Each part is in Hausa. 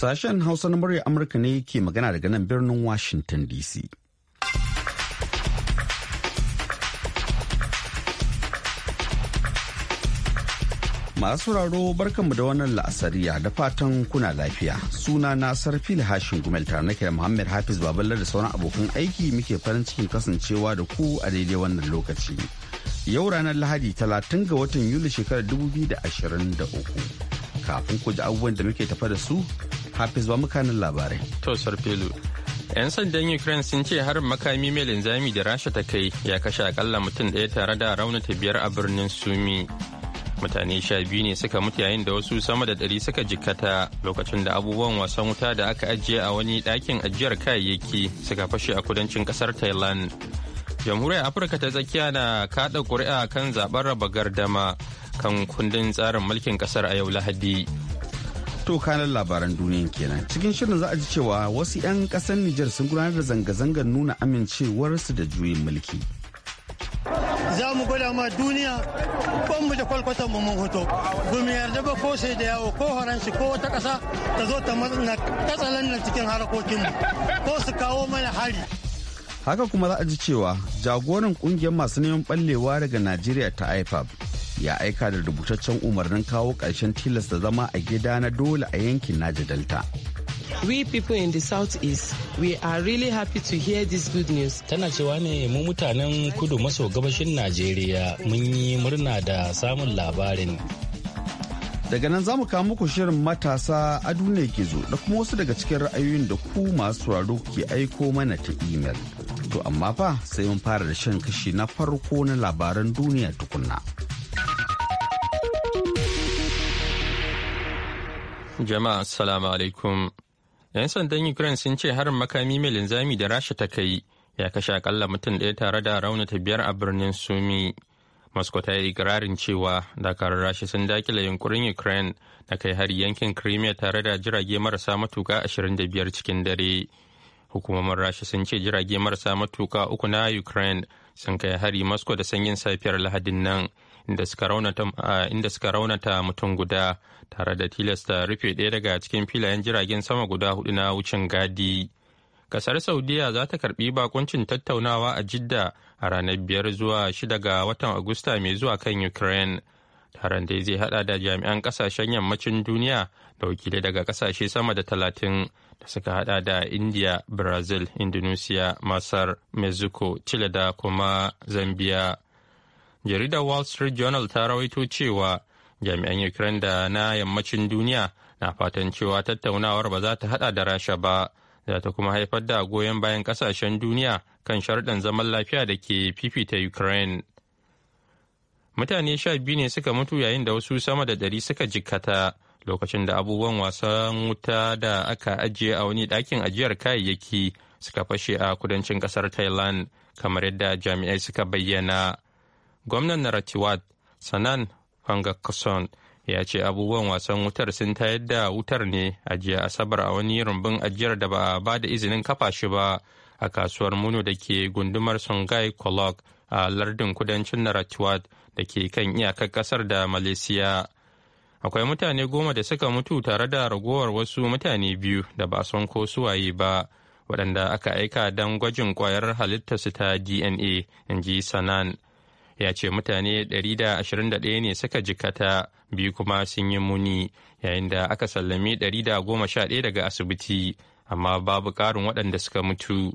Sashen Hausa na murya Amurka ne ke magana daga nan birnin Washington DC. Masu raro barkanmu da wannan la'asariya da fatan kuna lafiya. Suna na da Hashin Gumel tare nake da Muhammad Hafiz Babalar da sauran abokan aiki muke farin cikin kasancewa da ku a daidai wannan lokaci. Yau ranar Lahadi talatin ga watan Yuli shekarar 2023. Kafin ku ji abubuwan da muke tafa da su Hafiz ba mukanin labarai. To Sarfilu. 'Yan sandan Ukraine sun ce harin makami mai linzami da Rasha ta kai ya kashe akalla mutum ɗaya tare da raunata biyar a birnin Sumi. Mutane sha biyu ne suka mutu yayin da wasu sama da ɗari suka jikkata lokacin da abubuwan wasan wuta da aka ajiye a wani ɗakin ajiyar kayayyaki suka fashe a kudancin ƙasar Thailand. Jamhuriyar Afirka ta tsakiya na kaɗa ƙuri'a kan zaɓen raba gardama kan kundin tsarin mulkin ƙasar a yau Lahadi. To kanan labaran duniya kenan. Cikin shirin za a ji cewa wasu 'yan kasar Nijar sun gudanar da zanga-zangar nuna amincewarsu da juyin mulki. Za mu gwada ma duniya ban mu da kwalkwatan mu mun hoto. Gumi yarda ba ko sai da yawo ko faranshi ko wata ƙasa ta zo ta matsala katsalan nan cikin harkokinmu ko su kawo mana hari. Haka kuma za a ji cewa jagoran kungiyar masu neman ballewa daga Najeriya ta IFAB ya aika da rubutaccen umarnin kawo ƙarshen tilasta zama a gida na dole a yankin Naja Delta. We people in the southeast, we are really happy to hear this good news. Tana cewa ne mu mutanen kudu maso gabashin Najeriya mun yi murna da samun labarin. Daga nan za mu kawo muku shirin matasa a duniya ke da kuma wasu daga cikin ra'ayoyin da ku masu sauraro ke aiko mana ta imel. To amma fa sai mun fara da shan kashi na farko na labaran duniya tukunna. Jama'a assalamu alaikum. 'Yan sandan Ukraine sun ce harin makami mai linzami da Rasha ta kai ya kashe akalla mutum ɗaya tare da raunata biyar a birnin Sumi. Moscow ta yi ikirarin cewa dakarun Rasha sun dakile yunkurin Ukraine da kai har yankin Crimea tare da jirage marasa matuka ashirin da biyar cikin dare. Hukumomin Rasha sun ce jirage marasa matuka uku na Ukraine sun kai hari Moscow da sanyin safiyar Lahadin nan. Ah, inda suka raunata mutum guda tare da tilasta rufe ɗaya daga cikin filayen jiragen sama guda hudu na wucin gadi. Kasar Saudiya za ta karbi bakuncin tattaunawa a Jidda a ranar biyar zuwa shida ga watan Agusta mai zuwa kan Ukraine. Taron dai zai hada da jami'an kasashen yammacin duniya da wakilai daga kasashe sama da talatin da suka hada da India, Brazil, Indonesia, Masar, Mexico, Chile da kuma Zambia. jaridar wall street journal ta rawaito cewa jami'an ukraine da na yammacin duniya na fatan cewa tattaunawar ba za ta hada da rasha ba za ta kuma haifar da goyon bayan kasashen duniya kan sharɗin zaman lafiya da ke fifita ukraine mutane sha biyu ne suka mutu yayin da wasu sama da ɗari suka jikkata lokacin da abubuwan wasan wuta da aka ajiye a wani ɗakin ajiyar kayayyaki suka fashe a kudancin ƙasar thailand kamar yadda jami'ai suka bayyana gwamnan Naratiwat Sanan Fangakason ya ce abubuwan wasan wutar sun tayar da wutar ne a jiya Asabar a wani rumbun ajiyar da ba a ba da izinin kafa shi ba a kasuwar Muno da ke gundumar Songhai Kolok a lardin kudancin Naratiwat da ke kan iyakar kasar da Malaysia. Akwai mutane goma da suka mutu tare da ragowar wasu mutane biyu da ba son ko suwaye ba. waɗanda aka aika don gwajin ƙwayar halittarsu ta DNA, in ji Sanan. ya ce mutane 121 ne suka jikata biyu kuma sun yi muni yayin da aka sallame 111 daga asibiti amma babu ƙarin waɗanda suka mutu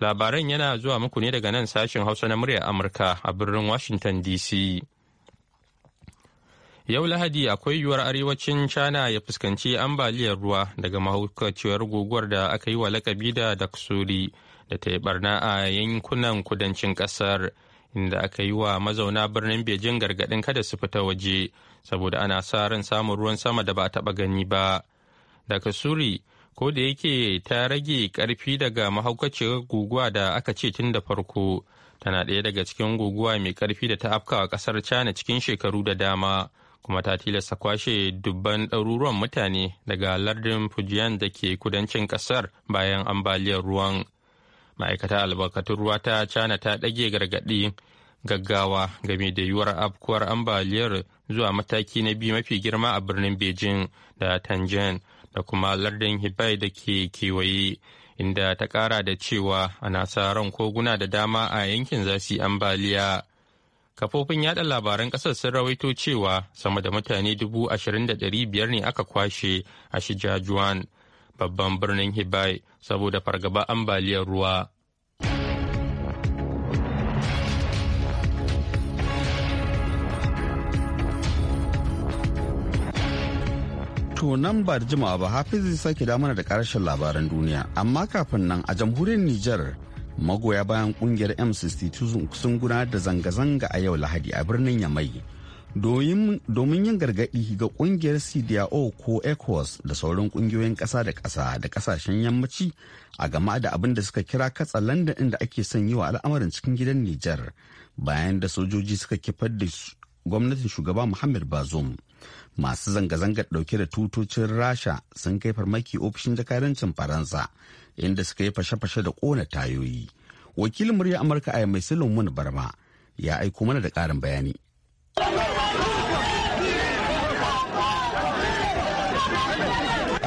labaran yana zuwa muku ne daga nan sashen hausa na muryar amurka a birnin washington dc yau lahadi akwai yiwuwar arewacin china ya fuskanci ambaliyar ruwa daga mahaukaciyar guguwar da aka yi wa lakabi da daksuri da ta yi barna a yankunan kudancin kasar inda aka yi wa mazauna birnin bejin gargaɗin kada su fita waje saboda ana sa ran samun ruwan sama da ba a taɓa gani ba. Daga Suri, ko da yake ta rage karfi daga mahaukaciyar guguwa da aka ce tun da farko, tana ɗaya daga cikin guguwa mai karfi da ta afkawa ƙasar China cikin shekaru da dama. kuma ta tilasta kwashe dubban ɗaruruwan mutane daga lardin Fujian da ke kudancin ƙasar bayan ambaliyar ruwan. ma'aikatar albarkatun ruwa ta cana ta ɗage gargaɗi gaggawa game da yiwuwar afkuwar ambaliyar zuwa mataki na biyu mafi girma a birnin beijing da tangen da kuma lardin hibai da ke kewaye inda ta ƙara da cewa ana sa ran koguna da dama a yankin za ambaliya kafofin yada labaran ƙasar sun rawaito cewa sama da mutane dubu ashirin da ɗari biyar ne aka kwashe a shijajuwan babban birnin Hibai saboda fargaba ambaliyar ruwa. To nan ba da jimawa ba Hafiz zai sake damana da karshen labaran duniya. Amma kafin nan a jamhuriyar Nijar magoya bayan kungiyar M62 sun gudanar da zanga-zanga a yau Lahadi a birnin Yamai. domin yin gargaɗi ga ƙungiyar cdao ko ecowas da sauran ƙungiyoyin ƙasa da ƙasa da ƙasashen yammaci a game da abin da suka kira katsa london inda ake son yi wa al'amarin cikin gidan nijar bayan da sojoji suka kifar da gwamnatin shugaba muhammad bazoum masu zanga-zangar ɗauke da tutocin rasha sun kai farmaki ofishin jakarancin faransa inda suka yi fashe-fashe da ƙona tayoyi wakilin murya amurka a mai barma ya aiko mana da ƙarin bayani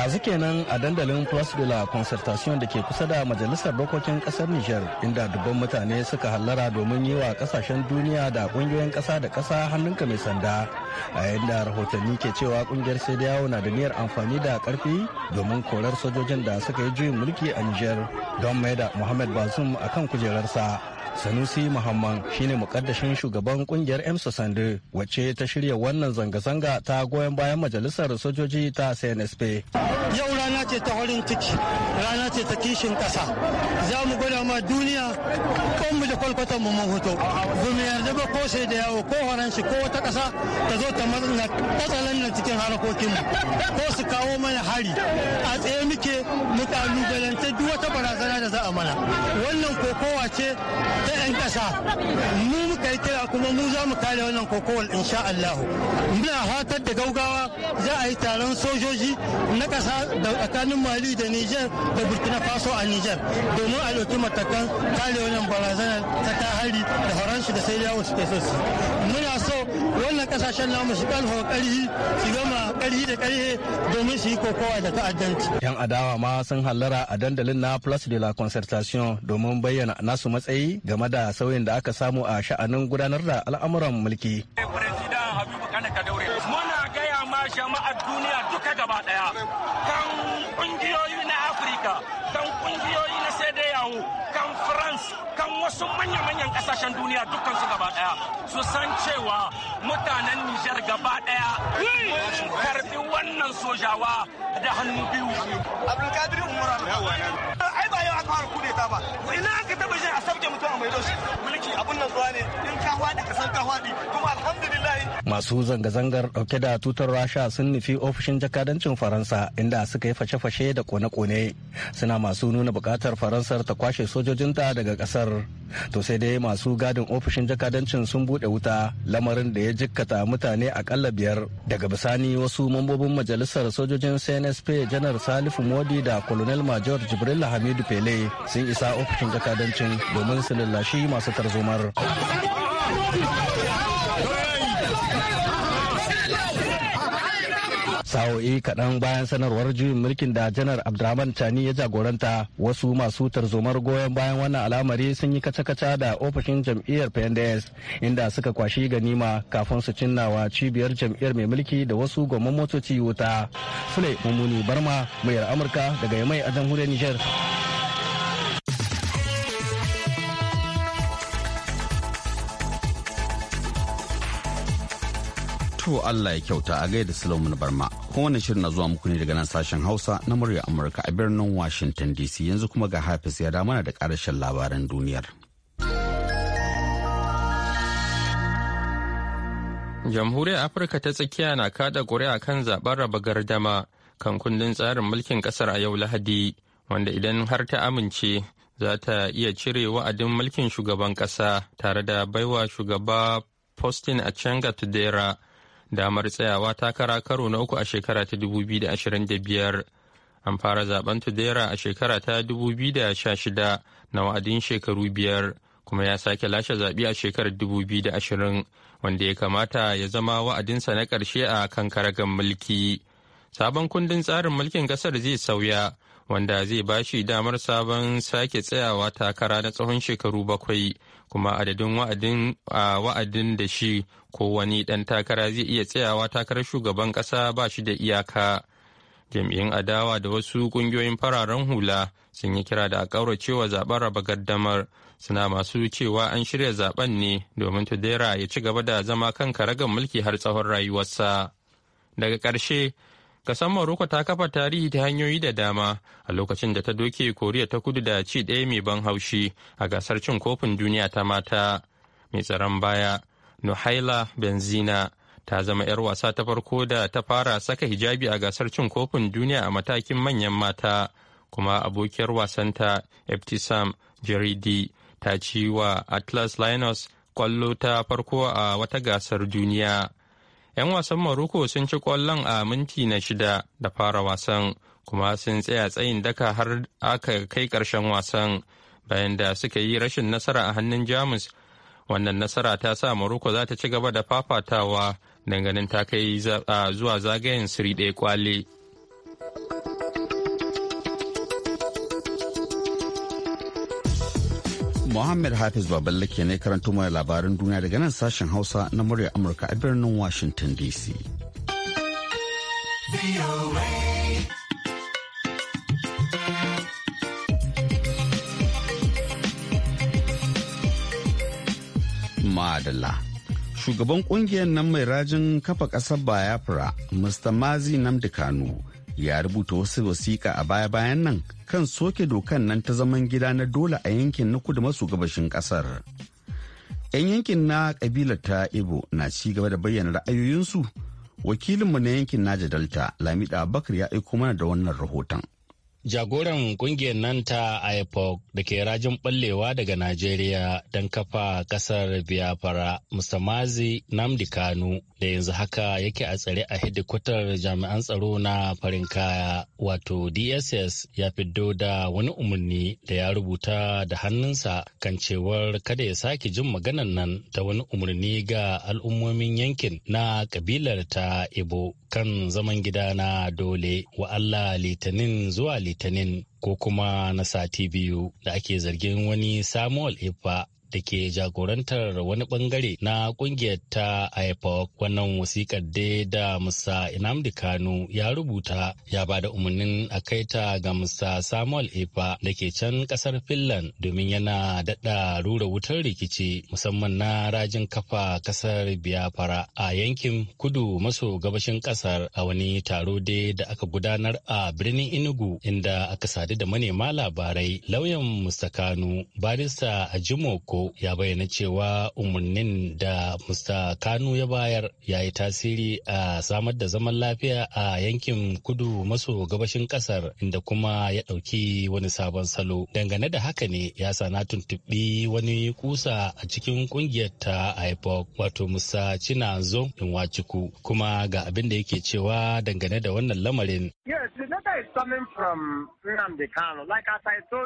yanzu kenan a dandalin Place de la Concertation da ke kusa da Majalisar Dokokin kasar niger inda dubban mutane suka hallara domin yi wa kasashen duniya da ƙungiyoyin ƙasa da ƙasa hannunka mai sanda. A yayin da rahotanni ke cewa ƙungiyar sai yawo na da niyyar amfani da ƙarfi domin korar sojojin da suka yi juyin mulki a niger don mai da Muhammad Bazoum akan kujerarsa. Sanusi Muhammad shine mukaddashin shugaban kungiyar M Sosande wacce ta shirya wannan zanga-zanga ta goyon bayan majalisar sojoji ta CNSP. Yau rana ce ta horin ciki, rana ce ta kishin kasa. Za mu gwada ma duniya mu da kwalkwatan mu mun hoto. Gumi yarda ba ko sai da yawo ko shi ko wata kasa ta zo ta matsala katsalan nan cikin harakokin ko su kawo mana hari. A tsaye muke mu kalubalance duk wata barazana da za a mana. Wannan kokowa ce ta 'yan ƙasa mu muka yi kira kuma mu za mu kare wannan kokowar insha Allah muna fatar da gaugawa za a yi taron sojoji na ƙasa da tsakanin Mali da nijar da Burkina Faso a nijar domin a ɗauki matakan kare wannan barazanar ta hari da horon shi da sai yawon suke so su muna so wannan kasashen namu su kalfa karhi su gama kari da karhe domin su yi kokowa da ta'addanci yan adawa ma sun hallara a dandalin na Place de la Concertation domin bayyana nasu matsayi game da sauyin da aka samu a sha'anin gudanar da al'amuran mulki muna gaya ma jama'ar duniya duka gaba daya wasu manya-manyan kasashen duniya dukkan su gaba daya su san cewa mutanen Nijar gaba daya karbi wannan sojawa da hannu biyu. Abdulkadir Umar Ai ba yau aka harku ta ba. Ina ka taba jin a sabke mutum a mai doshi. Mulki abun nan zuwa ne in ka ka san ka hwadi kuma alhamdulillah. Masu zanga-zangar dauke da tutar Rasha sun nufi ofishin jakadancin Faransa inda suka yi fashe-fashe da kone-kone. Suna masu nuna bukatar Faransar ta kwashe sojojinta daga kasar. to sai dai masu gadin ofishin jakadancin sun bude wuta lamarin da ya jikkata mutane akalla biyar daga bisani wasu mambobin majalisar sojojin cnsp janar salifu modi da colonel major jibril hamidu pele sun isa ofishin jakadancin domin su lallashi masu tarzomar sa'o'i kaɗan bayan sanarwar juyin mulkin da janar abdurrahman chani ya jagoranta wasu masu tarzomar goyon bayan wannan al'amari sun yi kaca-kaca da ofishin jam'iyyar pnds inda suka kwashi ganima kafin su cinnawa cibiyar jam'iyyar mai mulki da wasu gwamman motoci wuta sule mummuni barma muyar amurka daga yamai a jamhuriyar niger To Allah ya kyauta a gaida Solomon Barma. Kowane shirin na zuwa muku ne daga nan sashen Hausa na murya Amurka a birnin Washington DC yanzu kuma ga Hafiz ya mana da karashin labaran duniyar. Jamhuriyar Afirka ta tsakiya na kada ƙuri'a kan zaɓen raba gardama kan kundin tsarin mulkin ƙasar a yau Lahadi, wanda idan har ta amince za ta iya cire wa'adin mulkin shugaban ƙasa tare da baiwa shugaba Faustin Achanga Tudera. damar tsayawa takara karo na uku a shekara ta 2025 an fara zaben tudera a shekara ta 2016 na wa'adin shekaru biyar kuma ya sake lashe zaɓe a shekarar 2020 wanda ya kamata ya zama wa'adinsa na ƙarshe a kan karagan mulki sabon kundin tsarin mulkin ƙasar zai sauya wanda zai ba shi damar sabon sake tsayawa takara na tsawon shekaru bakwai kuma adadin wa'adin da shi ko wani dan takara zai iya tsayawa takarar shugaban kasa ba shi da iyaka. Jam'iyyun adawa da wasu kungiyoyin fararen hula sun yi kira da a cewa zaɓen raba gardamar suna masu cewa an shirya zaɓen ne domin Tudera ya ci gaba da zama kan karagar mulki har tsawon rayuwarsa. Daga ƙarshe, Kasan Morocco ta kafa tarihi ta hanyoyi da dama a lokacin da ta doke Koriya ta kudu da ci ɗaya mai ban haushi a gasar cin kofin duniya ta mata. Mai tsaron baya, Nuhaila Benzina ta zama 'yar wasa ta farko da ta fara saka hijabi a gasar cin kofin duniya a matakin manyan mata, kuma abokiyar wasanta Eftisam Jaridi ta ci wa Atlas Linus kwallo ta farko a wata gasar duniya. 'Yan wasan Maroko sun ci kwallon a minti na shida da fara wasan, kuma sun tsaya tsayin daka har aka kai ƙarshen wasan bayan da suka yi rashin nasara a hannun Jamus. Wannan nasara ta sa Maroko za ta ci gaba da fafatawa dangane ta kai zuwa zagayen sirri ɗaya kwale. Muhammad Hafiz Baballe ke ne karanto mana labaran duniya daga nan sashen Hausa na murya Amurka a birnin Washington DC. Madalla. Shugaban kungiyar nan mai rajin kafa ƙasar Biafra, Mr. Mazi Namdi Kanu. ya rubuta wasu wasiƙa a baya-bayan nan kan soke dokan nan ta zaman gida na dole a yankin na kudu maso gabashin ƙasar. 'Yan yankin na ƙabilar ta Ibo na ci gaba da bayyana ra'ayoyinsu wakilinmu na yankin Naja Delta Lamida Bakar ya aiko mana da wannan rahoton. Jagoran kungiyar nan ta IPOC da ke rajin ɓallewa daga Najeriya don kafa ƙasar Biafra Musamazi Namdi Kanu da yanzu haka yake a tsare a hedikwatar jami'an tsaro na farin kaya wato DSS ya fiddo da wani umarni da ya rubuta da hannunsa kan cewar kada ya sake jin maganan nan ta wani umarni ga al'ummomin yankin na kabilar ta Ibo kan zaman gida na dole wa Allah Litinin zuwa Litinin. litinin ko kuma na sati biyu da ake zargin wani samuel ifa da ke jagorantar wani bangare na kungiyar ta IPOC wannan wasikar dai da Musa Inamdi Kano ya rubuta ya bada umarnin a kai ta ga Musa Samuel Efa da ke can kasar Finland domin yana daɗa rura wutar rikici musamman na rajin kafa kasar Biafra a yankin kudu maso gabashin kasar a wani taro dai da aka gudanar a birnin Enugu inda aka sadu da manema labarai lauyan Musa Kano barista jimoko. ya bayyana cewa umarnin da Mr. Kanu ya bayar ya yi tasiri a samar da zaman lafiya a yankin kudu maso gabashin kasar inda kuma ya ɗauki wani sabon salo. Dangane da haka ne ya na tuntuɓi wani kusa a cikin ƙungiyar ta IPOC wato Mr. Chinanzo Inwachiku kuma ga abin da yake cewa dangane da wannan lamarin.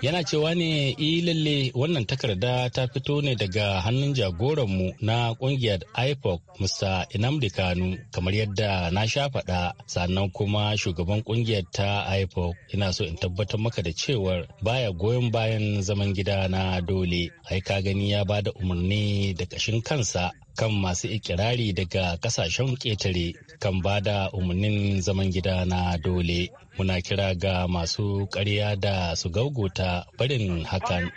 Yana cewa ne eh, lalle wannan takarda ta fito ne daga hannun jagoranmu na kungiyar IPOC Mr. Inamdi Kanu kamar yadda na sha faɗa sannan kuma shugaban kungiyar ta IPOC ina so in tabbatar maka da cewar baya goyon bayan zaman gida na dole. Ai gani ya ba da umarni da ƙashin kansa kan masu ikirari daga kasashen ƙetare kan ba da umarnin zaman gida na dole. Muna kira ga masu ƙarya da su gaugota barin hakan.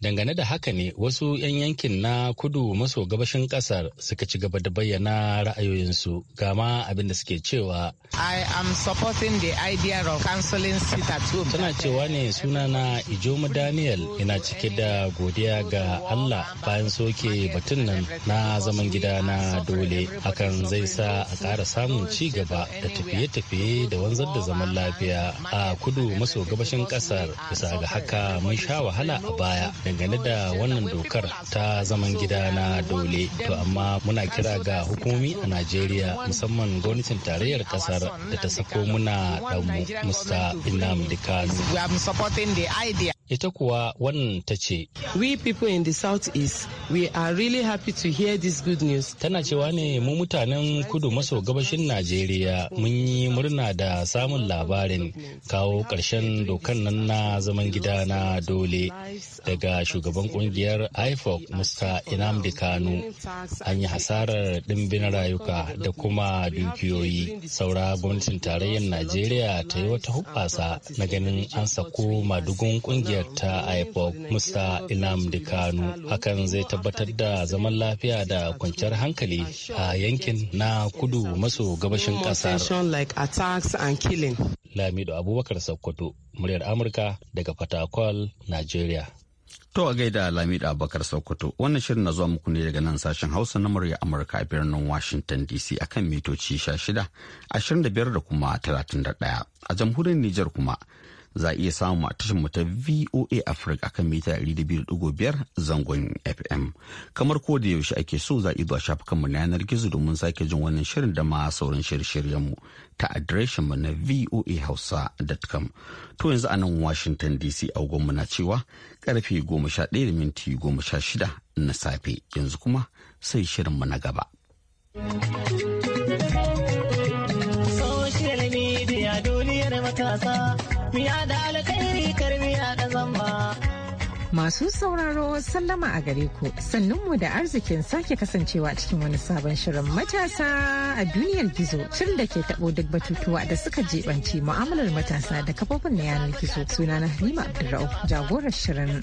Dangane da haka ne wasu 'yan yankin na kudu maso gabashin ƙasar suka ci gaba da bayyana ra'ayoyinsu gama abin da suke cewa. I am supporting the idea of canceling sit at home. Tana cewa ne sunana ijoma Daniel ina cike da godiya ga Allah bayan so ke batun nan na zaman gida na dole hakan zai sa a ƙara samun ci gaba da tafiye-tafiye da wanzar da zaman lafiya a kudu maso gabashin ƙasar bisa ga haka mun sha wahala a baya dangane da wannan dokar ta zaman gida na dole to amma muna kira ga hukumi a najeriya musamman gwamnatin tarayyar ƙasar da ta sako muna damu musta the kazu ita kuwa wannan ta ce. We people in the south east, we are really happy to hear this good news. Tana cewa ne mu mutanen kudu maso gabashin Najeriya mun yi murna da samun labarin kawo ƙarshen dokan nan na zaman gida na dole daga shugaban kungiyar IFOC Mr. Inamdi Kanu. An yi hasarar ɗimbin rayuka da kuma dukiyoyi. Saura gwamnatin tarayyar Najeriya ta yi wata hubbasa na ganin an sako madugun kungiyar jam'iyyar ta ipoc musta inamdi kanu hakan zai tabbatar da zaman lafiya da kwanciyar hankali a yankin na kudu maso gabashin kasar lamido abubakar sokoto muryar amurka daga fatakwal nigeria To a gaida lamidu Abubakar Sokoto wannan shirin na zuwa muku ne daga nan sashen Hausa na murya Amurka a birnin Washington DC akan mitoci 16, 25 da kuma 31 a jamhuriyar Nijar kuma za a iya samu a tashar ta VOA Africa akan mita 200.5 zangon FM. Kamar ko da yaushe ake so za a zuwa mu na yanar gizo domin sake jin wannan shirin da ma sauran shirye mu ta adireshin mu na voahausa.com. To yanzu a nan Washington DC mu na cewa karfe da minti shida na safe yanzu kuma sai shirin mu na gaba. masu sauraro sallama a gare ku mu da arzikin sake kasancewa cikin wani sabon shirin matasa a duniyar gizo shirin da ke taɓo duk batutuwa da suka jebanci mu'amalar matasa da kafofin na yanar gizo suna na halima abdulra'u jagorar shirin.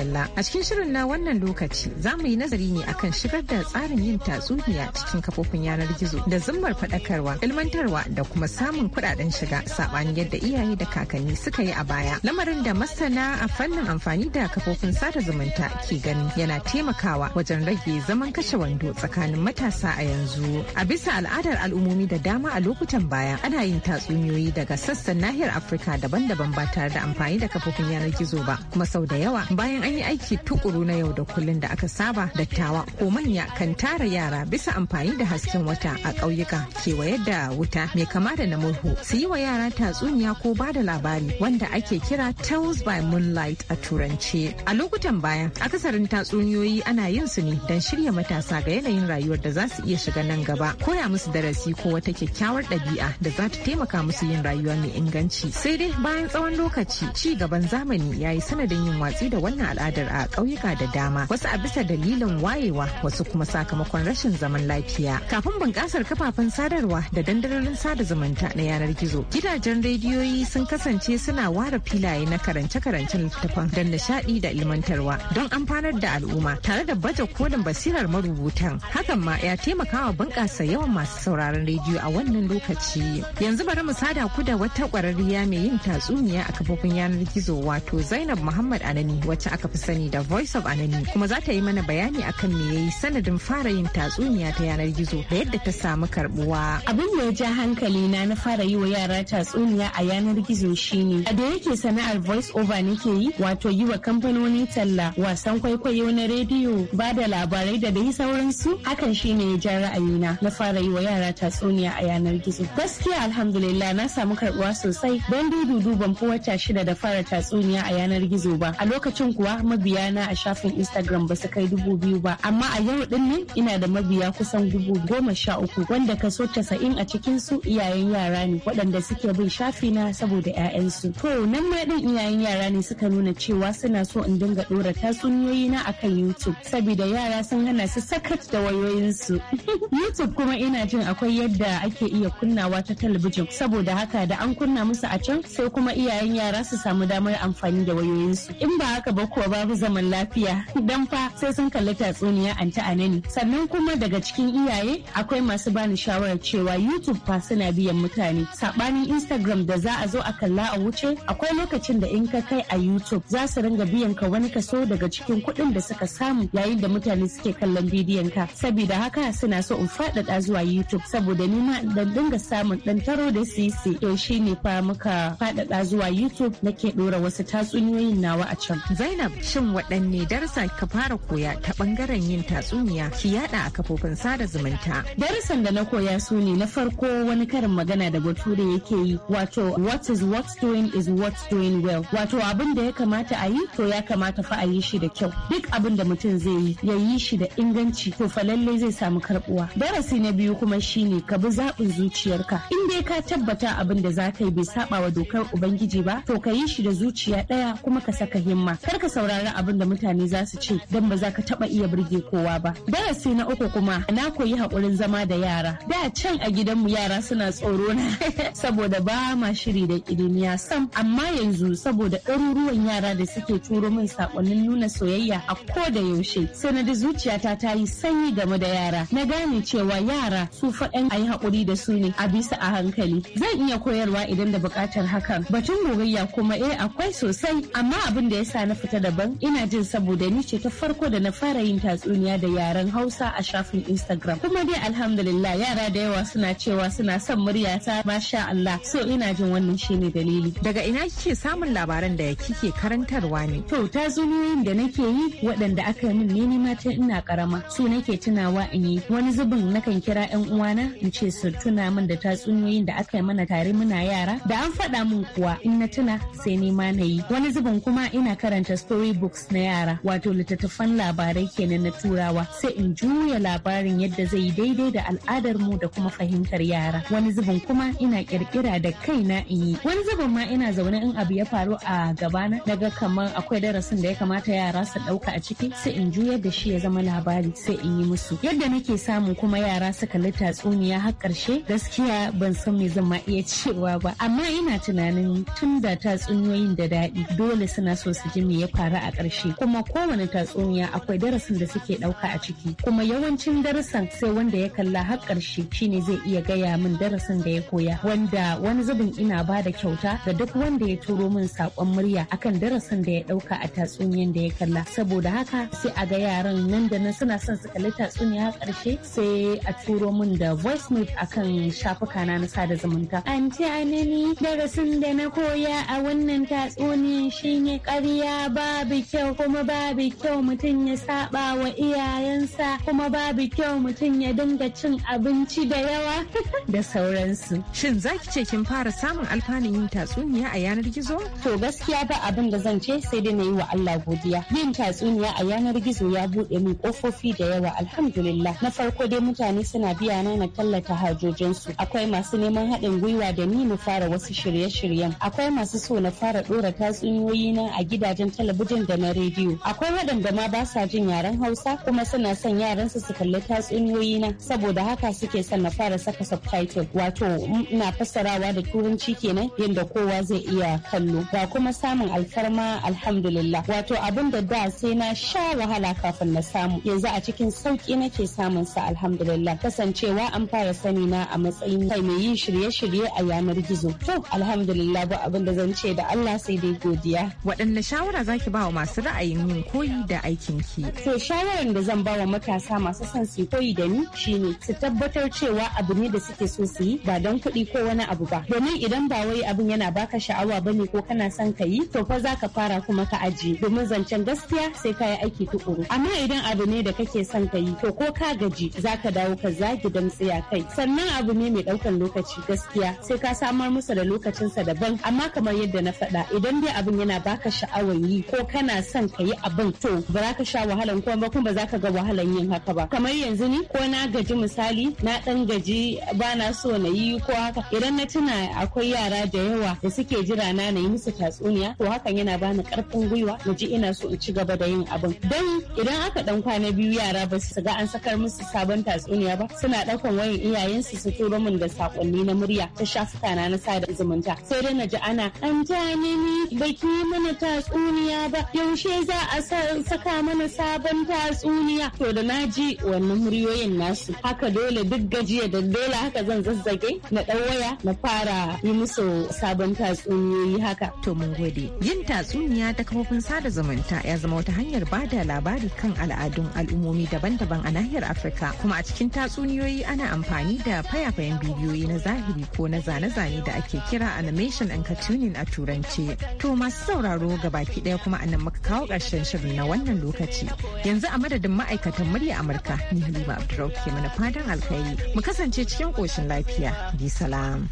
Dalla. a cikin shirin na wannan lokaci za mu yi nazari ne akan shigar da tsarin yin tatsuniya cikin kafofin yanar gizo da zummar faɗakarwa ilmantarwa da kuma samun kuɗaɗen shiga saɓanin yadda iyaye da kakanni suka yi a baya lamarin da masana a fannin amfani da kafofin sada zumunta ke gani yana taimakawa wajen rage zaman kashe wando tsakanin matasa a yanzu a bisa al'adar al'ummomi da dama a lokutan baya ana yin tatsuniyoyi daga sassan nahiyar afirka daban-daban ba tare da amfani da kafofin yanar gizo ba kuma sau da yawa bayan an yi aiki tukuru na yau da kullun da aka saba dattawa ko manya kan tara yara bisa amfani da hasken wata a ƙauyuka kewaye da wuta mai kama da na murhu su yi wa yara tatsuniya ko ba da labari wanda ake kira tales by moonlight a turance a lokutan baya akasarin tatsuniyoyi ana yin su ne don shirya matasa ga yanayin rayuwar da za su iya shiga nan gaba koya musu darasi ko wata kyakkyawar ɗabi'a da za ta taimaka musu yin rayuwa mai inganci sai dai bayan tsawon lokaci ci gaban zamani ya yi sanadin yin watsi da wannan al'adar a ƙauyuka da dama wasu a bisa dalilin wayewa wasu kuma sakamakon rashin zaman lafiya kafin bunƙasar kafafen sadarwa da dandalolin sada zumunta na yanar gizo gidajen rediyoyi sun kasance suna ware filaye na karance-karancen littattafan don nishaɗi da ilmantarwa don amfanar da al'umma tare da baje kolin basirar marubutan hakan ma ya taimakawa bunƙasa yawan masu sauraron rediyo a wannan lokaci yanzu bari mu sada ku da wata ƙwararriya mai yin tatsuniya a kafofin yanar gizo wato zainab muhammad anani wacce aka fi sani da Voice of Anani kuma za ta yi mana bayani akan me yayi sanadin fara yin tatsuniya ta yanar gizo da yadda ta samu karbuwa. Abin da ya ja hankali na na fara yi wa yara tatsuniya a yanar gizo shine a da yake sana'ar voice over nake yi wato yi wa kamfanoni talla wasan kwaikwayo na rediyo ba da labarai da dai sauransu hakan shine ya ja ra'ayina na fara yi wa yara tatsuniya a yanar gizo. Gaskiya alhamdulillah na samu karbuwa sosai don dudu ban fi wata shida da fara tatsuniya a yanar gizo ba a lokacin kuwa cewa mabiya na a shafin Instagram ba su kai dubu biyu ba amma a yau din nan ina da mabiya kusan dubu goma sha uku wanda kaso casa'in a cikin su iyayen yara ne waɗanda suke bin shafi na saboda 'ya'yansu. To nan ma din iyayen yara ne suka nuna cewa suna so in dinga ɗora tatsuniyoyi na akan YouTube saboda yara sun hana su sakat da wayoyinsu. YouTube kuma ina jin akwai yadda ake iya kunnawa ta talabijin saboda haka da an kunna musu a can sai kuma iyayen yara su samu damar amfani da wayoyinsu. In ba haka ba ko kuwa babu zaman lafiya dan fa sai sun kalli tatsuniya an ta anani sannan kuma daga cikin iyaye akwai masu bani shawarar cewa youtube fa suna biyan mutane sabanin instagram da za a zo a kalla a wuce akwai lokacin da in ka kai a youtube za su ringa biyan ka wani kaso daga cikin kuɗin da suka samu yayin da mutane suke kallon bidiyon ka saboda haka suna so in faɗaɗa zuwa youtube saboda ni, nima da dinga samun ɗan taro da sisi to shine fa muka faɗaɗa zuwa youtube nake ɗora wasu tatsuniyoyin nawa a can zainab Zainab shin waɗanne darsa ka fara koya ta ɓangaren yin tatsuniya ki yada a kafofin sada zumunta. Darussan da na koya su ne na farko wani karin magana da bature yake yi wato what is what's doing is what's doing well wato abin da ya kamata a yi to ya kamata fa a yi shi da kyau duk abin da mutum zai yi ya yi shi da inganci to fa lallai zai samu karbuwa. Darasi na biyu kuma shine ka bi zaɓin zuciyarka in dai ka tabbata abin da za ka yi bai saba wa dokar ubangiji ba to ka yi shi da zuciya ɗaya kuma ka saka himma kar ka saurari abin da mutane za su ce don ba za ka taba iya birge kowa ba darasi na uku kuma na koyi haƙurin zama da yara da can a gidanmu yara suna tsoro na saboda ba ma shiri da ya sam amma yanzu saboda ɗaruruwan yara da suke turo min sakonnin nuna soyayya a ko da yaushe sai na zuciyata ta yi sanyi game da yara na gane cewa yara su faɗan a yi haƙuri da su ne a bisa a hankali zan iya koyarwa idan da buƙatar hakan batun gogayya kuma eh akwai sosai amma abin da ya sa na fita da daban ina jin saboda ni ce ta farko da na fara yin tatsuniya da yaren hausa a shafin instagram kuma dai alhamdulillah yara da yawa suna cewa suna son muryata masha allah so ina jin wannan shine dalili daga ina kike samun labaran da kike karantarwa ne to tatsuniyoyin da nake yi waɗanda aka yi min ne ma tun ina karama su nake tunawa in yi wani zubin nakan kira yan uwana in ce su tuna min da tatsuniyoyin da aka yi mana tare muna yara da an faɗa min kuwa in na tuna sai ni ma na yi wani zubin kuma ina karanta story story books na yara wato littattafan labarai kenan na turawa sai in juya labarin yadda zai yi daidai da al'adar mu da kuma fahimtar yara wani zubin kuma ina kirkira da kaina in yi wani zubin ma ina zaune in abu ya faru a gabana daga kamar akwai darasin da ya kamata yara su dauka a ciki sai in juyar da shi ya zama labari sai in yi musu yadda nake samu kuma yara suka litta tsuniya har karshe gaskiya ban san me zan ma iya cewa ba amma ina tunanin tun da tatsuniyoyin da daɗi dole suna so su ji me ya faru a ƙarshe kuma kowane tatsuniya akwai darasin da suke ɗauka a ciki kuma yawancin darasin sai wanda ya kalla har ƙarshe shine zai iya gaya min darasin da ya koya wanda wani zubin ina ba da kyauta ga duk wanda ya turo min saƙon murya akan darasin da ya ɗauka a tatsuniyan da ya kalla saboda haka sai a ga yaran nan da nan suna son su kalli tatsuniya har ƙarshe sai a turo min da voice note akan shafuka na sada zumunta an anani? darasin da na koya a wannan tatsuniyan shine ƙarya ba babu kyau kuma babu kyau mutum ya saba wa iyayensa kuma babu kyau mutum ya dinga cin abinci da yawa da sauransu. Shin za ki ce kin fara samun alfanun yin tatsuniya a yanar gizo? To gaskiya ba abin da zan ce sai dai na yi wa Allah godiya. Yin tatsuniya a yanar gizo ya buɗe min ƙofofi da yawa alhamdulillah. Na farko dai mutane suna biya na na tallata hajojinsu. Akwai masu neman haɗin gwiwa da ni mu fara wasu shirye-shiryen. Akwai masu so na fara ɗora tatsuniyoyi na a gidajen talabijin talabijin da na rediyo akwai waɗanda ma ba sa jin yaren hausa kuma suna son yaran su su kalli tatsuniyoyi na saboda haka suke son na fara saka subtitle wato na fassarawa da turanci kenan yadda kowa zai iya kallo ga kuma samun alfarma alhamdulillah wato abin da da sai na sha wahala kafin na samu yanzu a cikin sauki nake samun sa alhamdulillah kasancewa an fara sani na a matsayin kai mai yin shirye-shirye a yanar gizo to alhamdulillah ba abin da zan ce da Allah sai dai godiya waɗanne shawara zaki ki ba wa masu ra'ayin yin koyi da aikin ki? To shawaran da zan ba wa matasa masu son su koyi da ni shine su tabbatar cewa abu ne da suke so su yi ba don kuɗi ko wani abu ba. Domin idan ba wai abin yana baka sha'awa ba ne ko kana son ka yi to fa za ka fara kuma ka aji Domin zancen gaskiya sai ka yi aiki tukuru. Amma idan abu ne da kake son ka yi to ko ka gaji za ka dawo ka zagi tsaya kai. Sannan abu ne mai ɗaukan lokaci gaskiya sai ka samar musu da lokacinsa daban amma kamar yadda na faɗa idan dai abin yana baka sha'awar yi ko kana son ka yi abin to ba za ka sha wahalan ko ba kuma ba za ka ga wahalan yin haka ba kamar yanzu ni ko na gaji misali na dan gaji ba na so na yi ko haka idan na tuna akwai yara da yawa da suke jira na na yi musu tatsuniya to hakan yana bani karfin gwiwa na ji ina so in ci gaba da yin abin dan idan aka dan kwana biyu yara ba su ga an sakar musu sabon tatsuniya ba suna daukan wayan iyayensu su turo min da sakonni na murya ta shafuka na na sada zumunta sai dai na ji ana an ja ni baki mana tatsuniya ba yaushe za a saka mana sabon tatsuniya to da na ji wannan muryoyin nasu haka dole duk gajiya da dole haka zan zazzage na dan waya na fara yi musu sabon tatsuniyoyi haka to mun gode yin tatsuniya ta kafofin sada zumunta ya zama wata hanyar bada labari kan al'adun al'ummomi daban-daban a nahiyar afirka kuma a cikin tatsuniyoyi ana amfani da fayafayen bidiyoyi na zahiri ko na zane-zane da ake kira animation and cartooning a turanci to masu sauraro gabaki ɗaya kuma kuma anan muka kawo ƙarshen shirin na wannan lokaci. Yanzu a madadin ma'aikatan murya Amurka ni Halima Abdurrauf ke mana fadan alkhairi. Mu kasance cikin koshin lafiya. Bi salam.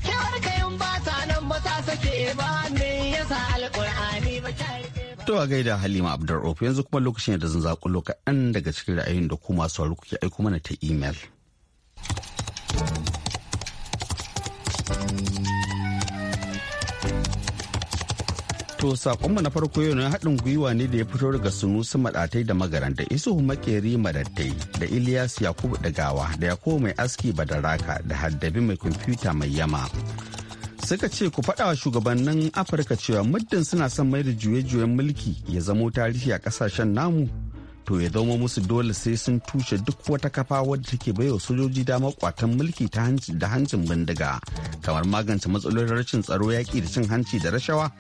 To a gaida Halima Abdurrauf yanzu kuma lokacin da zan zaƙulo lokacin daga cikin ra'ayin da kuma masu sauraro kuke aiko mana ta imel. To sakonmu na farko yau na haɗin gwiwa ne da ya fito daga sunusu maɗatai da magaran da isuhu makeri madattai da ilyas yakubu gawa da yakubu mai aski badaraka da haddabi mai kwamfuta mai yama. Suka ce ku faɗa wa shugabannin Afirka cewa muddin suna son mai da juye-juyen mulki ya zamo tarihi a ƙasashen namu to ya zama musu dole sai sun tushe duk wata kafa wadda take baiwa sojoji damar kwatan mulki ta hanci da hancin bindiga kamar magance matsalolin rashin tsaro yaƙi da cin hanci da rashawa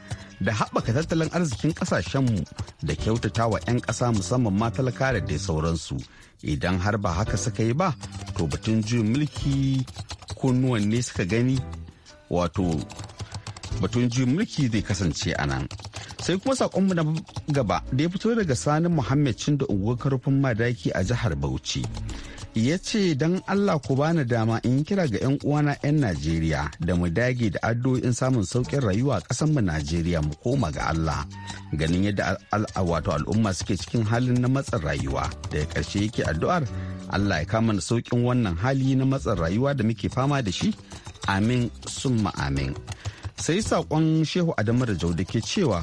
da haɓaka tattalin arzikin ƙasashenmu da kyautata wa 'yan ƙasa musamman ma talaka da dai sauransu idan har ba haka suka yi ba to batun juyin mulki kunnuwan ne suka gani wato batun juyin mulki zai kasance a nan sai kuma sakonmu na gaba da ya fito daga sanin muhammed cin da unguwar karfin madaki a jihar bauchi ya ce don allah ku bani dama in kira ga 'yan uwana 'yan najeriya da mu dage da addu'o'in samun saukin rayuwa a mu najeriya mu koma ga allah ganin yadda wato al'umma suke cikin halin na matsin rayuwa daga ƙarshe yake addu'ar allah ya kama da saukin wannan hali na matsin rayuwa da muke fama da shi amin summa amin sai saƙon shehu adamu jau da ke cewa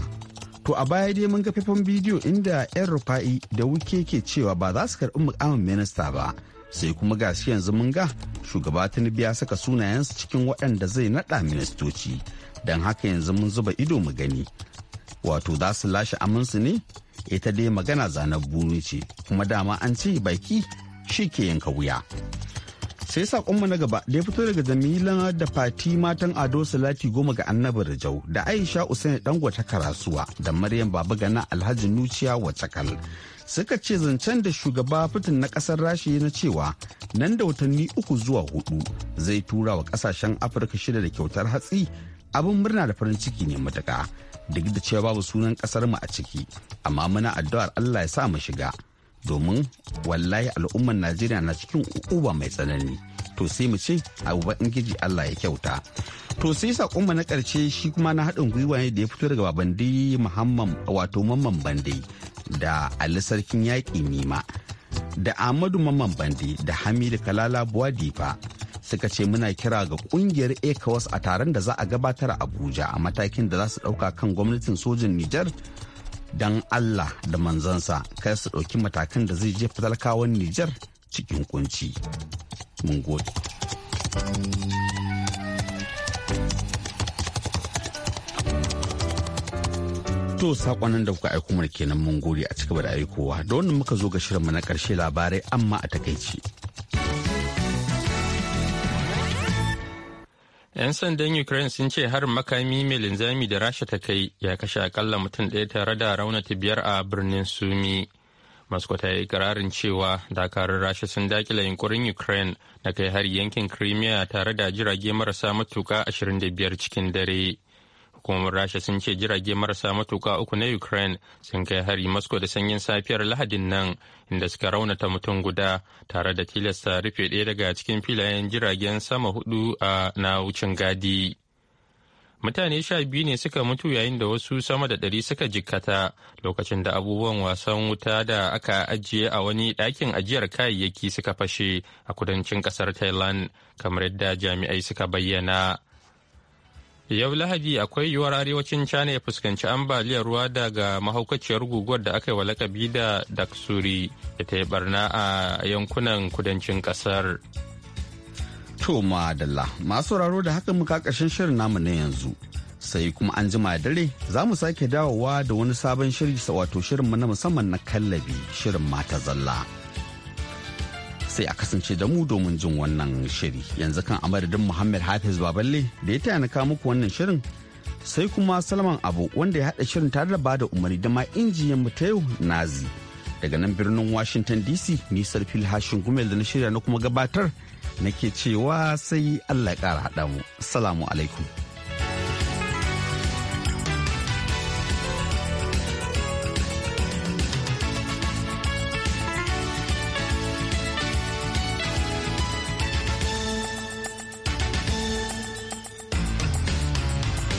to a baya dai mun ga faifan bidiyo inda 'yan rufa'i da wuke ke cewa ba za su karɓi mukamin minista ba sai kuma shi yanzu mun ga shugaba tinubu ya saka sunayensu cikin waɗanda zai naɗa ministoci don haka yanzu mun zuba ido mu gani wato za su lashe aminsu ne ita dai magana zanen buni ce kuma dama an ce baki shi ke yanka wuya sai sakonmu na gaba da ya fito daga jamila da fati matan ado salati goma ga annabi rajau da aisha usaini dango ta karasuwa da maryam baba gana alhaji nuciya wacakal suka ce zancen da shugaba fitin na kasar rashi na cewa nan da watanni uku zuwa hudu zai tura wa kasashen afirka shida da kyautar hatsi abin murna da farin ciki ne matuka duk da cewa babu sunan kasar mu a ciki amma muna addu'ar allah ya sa mu shiga domin wallahi al'ummar najeriya na cikin uba mai tsanani to sai mu ce abu ba giji allah ya kyauta to sai sakonmu na karshe shi kuma na haɗin gwiwa ne da ya fito daga babandi muhammad wato mamman bande da ali sarkin yaƙi nima da ahmadu mamman bande da hamidu kalala buwadifa suka ce muna kira ga kungiyar ecowas a taron da za a gabatar a abuja a matakin da za su ɗauka kan gwamnatin sojin nijar don Allah da manzansa kai su ɗauki matakan da zai jefa talakawan Nijar cikin kunci. Mun gode. To saƙonan da kuka aiko mana kenan mun gode a cikin da aikowa da wannan muka zo ga shirinmu na ƙarshe labarai amma a takaici. 'Yan sandan Ukraine sun ce harin makami mai linzami da Rasha ta kai ya kashe akalla mutum ɗaya tare da raunata biyar a birnin Sumi. Moscow ta yi ikirarin cewa dakarun Rasha sun dakila yunkurin Ukraine na kai har yankin Crimea tare da jirage marasa matuka 25 cikin dare. hukumar rasha sun ce jirage marasa matuka uku na ukraine sun kai hari moscow da sanyin safiyar lahadin nan inda suka raunata mutum guda tare da tilasta rufe ɗaya daga cikin filayen jiragen sama hudu a na wucin gadi mutane sha biyu ne suka mutu yayin da wasu sama da ɗari suka jikkata lokacin da abubuwan wasan wuta da aka ajiye a wani ɗakin ajiyar kayayyaki suka fashe a kudancin ƙasar thailand kamar yadda jami'ai suka bayyana Yau Lahadi akwai yiwuwar arewacin China ya fuskanci ambaliyar ruwa daga mahaukaciyar guguwar da aka yi wa lakabi da Daksuri da ta yi barna a yankunan kudancin kasar. To madalla masu sauraro da haka muka ƙarshen shirin namu na yanzu. Sai kuma an jima dare za mu sake dawowa da wani sabon shiri wato shirinmu na musamman na kallabi shirin mata zalla. sai a kasance da mu domin jin wannan shiri yanzu kan a madadin muhammad hafiz baballe da ya taya kawo muku wannan shirin sai kuma salman abu wanda ya haɗa shirin tare da bada umarni da ma injiyan mu ta yau nazi daga nan birnin washington dc nisar fil hashin gumel da na shirya na kuma gabatar nake cewa sai allah ya kara haɗa mu salamu alaikum